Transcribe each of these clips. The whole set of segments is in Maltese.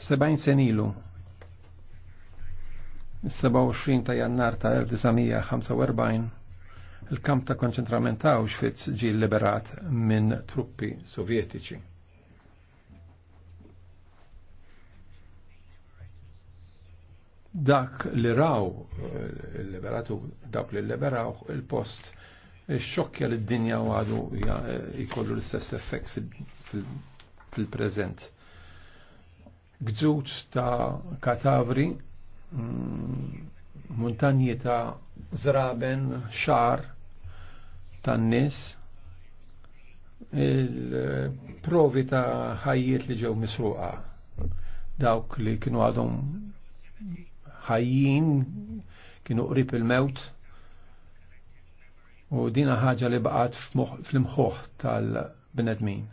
Seba'jn sen ilu 27 ta' jannar ta' 1945 il-kamp ta' konċentrament ta' Auschwitz ġi liberat minn truppi sovjetiċi. Dak li raw il-liberatu, dak li liberaw il-post, xokkja li d-dinja għadu jkollu l-istess effekt Fil gżut ta' katavri, mm, muntanji ta' zraben, xar, ta' nis, il-provi ta' ħajjiet li ġew misruqa. Dawk li kienu għadhom ħajjin, kienu qrib il-mewt, u dina ħaġa li baqgħet fl-imħuħ tal-bnedmin.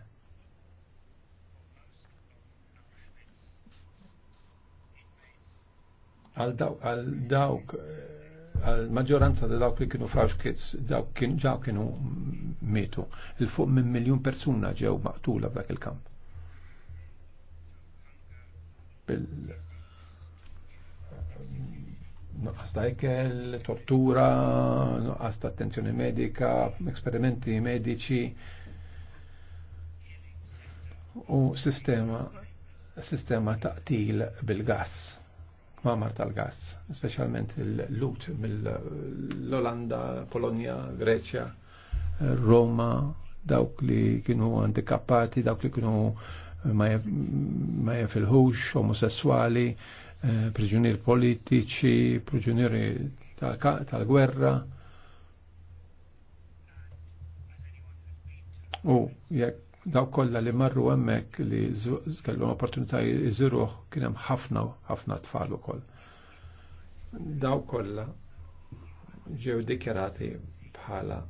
għal dawk għal maġġoranza ta' dawk li kienu kids dawk kien ġaw kienu mietu. Il fuq minn miljun persuna ġew maqtula f'dak il-kamp. Bil nuqqas ta' ikel, tortura, nuqqas ta' attenzjoni medika, eksperimenti medici u sistema sistema taqtil bil-gass f'mamar tal-gas, specialment l-lut mill-Olanda, Polonia, Greċja, Roma, dawk li kienu antikappati, dawk li kienu ma jafilħux, omosessuali, eh, priġunieri politiċi, priġunieri tal-gwerra. U jekk daw kollha li marru hemmhekk li kellhom opportunità jżuruh kien hemm ħafna ħafna tfal ukoll. Daw kollha ġew dikjarati bħala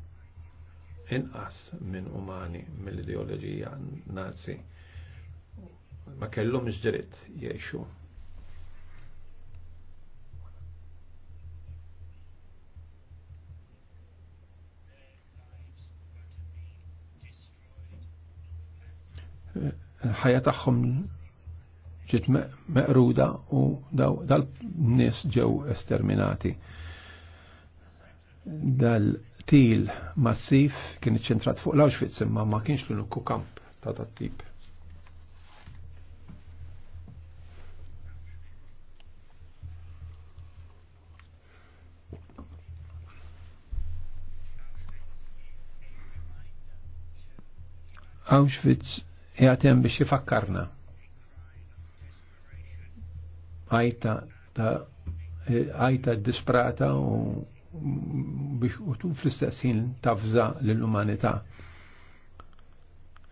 inqas minn umani mill-ideoloġija nazi ma kellhomx dritt jgħixu ħajja tagħhom ġiet meqruda u dal-nies ġew esterminati. Dal-til massif kien iċċentrat fuq l-Auschwitz imma ma kienx l-uniku kamp ta' tat-tip. Auschwitz jgħatem biex jifakkarna. Għajta ta' għajta disprata u biex u tu fl istessin tafza l-umanità.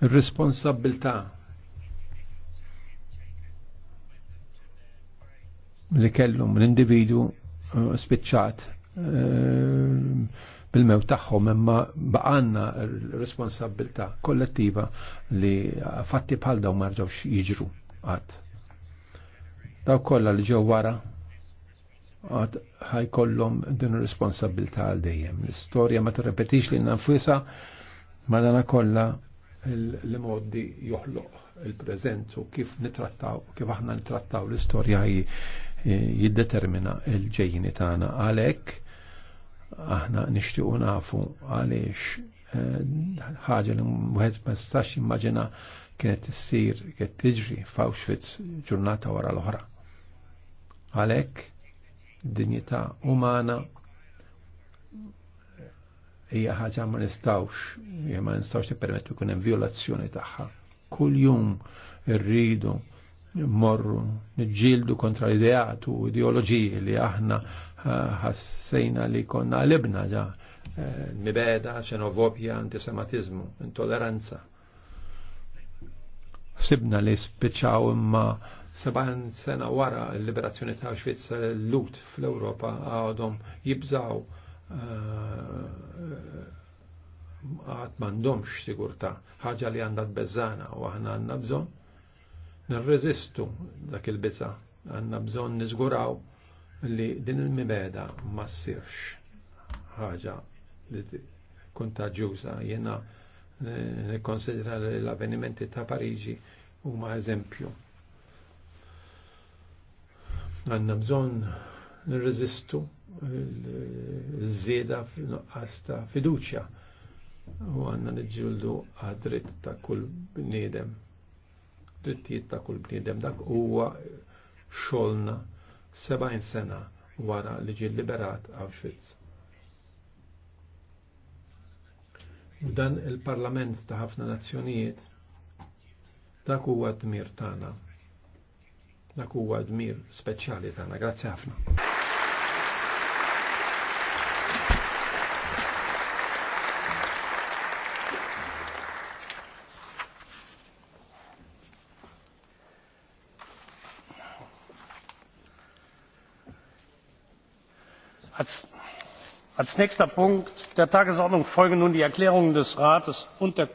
Ir-responsabilità li kellum l-individu uh, spiċċat Eh, bil-mew tagħhom imma baqanna responsabilità kollettiva li fatti bħal daw marġawx jiġru għad. Daw kollha li ġew wara għad ħajkollhom din responsabilità għal dejjem. L-istorja ma tirrepetix li nanfisa ma dana kollha li moddi joħloq il-preżent u kif nitrattaw, kif aħna nitrattaw l-istorja jiddetermina il-ġejjini tagħna. Għalhekk aħna nixtiequ nafu għaliex eh, ħaġa li wieħed ma jistax jimmaġina kienet issir kienet tiġri f'Auschwitz ġurnata wara l-oħra. Għalhekk dinjità umana hija ħaġa ma nistgħux ma nistgħux tippermettu jkun hemm violazzjoni tagħha. Kuljum irridu morru nġildu kontra ideat u ideoloġiji li aħna ħassejna li konna libna ġa eh, mibeda, xenofobja, antisematizmu, intoleranza. Sibna li spiċaw imma seban sena wara l-liberazzjoni ta' Xvizza l-lut fl-Europa għadhom jibżaw eh, għat mandomx sigurta ħaġa li għandha bezzana u aħna għandna bżonn nirreżistu dak il bisa għanna bżon nizguraw li din il-mibeda ma ssirx ħaġa li kontagġuża jena eh, nikkonsidra l-avvenimenti ta' Pariġi huma eżempju. Għanna bżon nirreżistu l-żieda f'nuqqas ta' fiduċja u għanna nġildu għadrit ta' kull bniedem drittijiet ta' kull bniedem dak huwa xolna 70 sena wara li ġie liberat Auschwitz. Dan il-parlament ta' ħafna nazzjonijiet dak huwa dmir tagħna. Dak huwa dmir speċjali tagħna. Grazzi ħafna. Als, nächster Punkt der Tagesordnung folgen nun die Erklärungen des Rates und der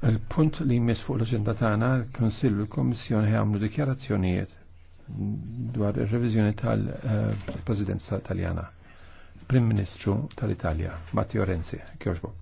Il-punt li jmiss fuq l-ġenda tagħna l u l-Kommissjoni ħamlu dikjarazzjonijiet dwar ir-reviżjoni tal-Presidenza Taljana. Prim Ministru tal-Italja, Matteo Renzi, Kjoġbo.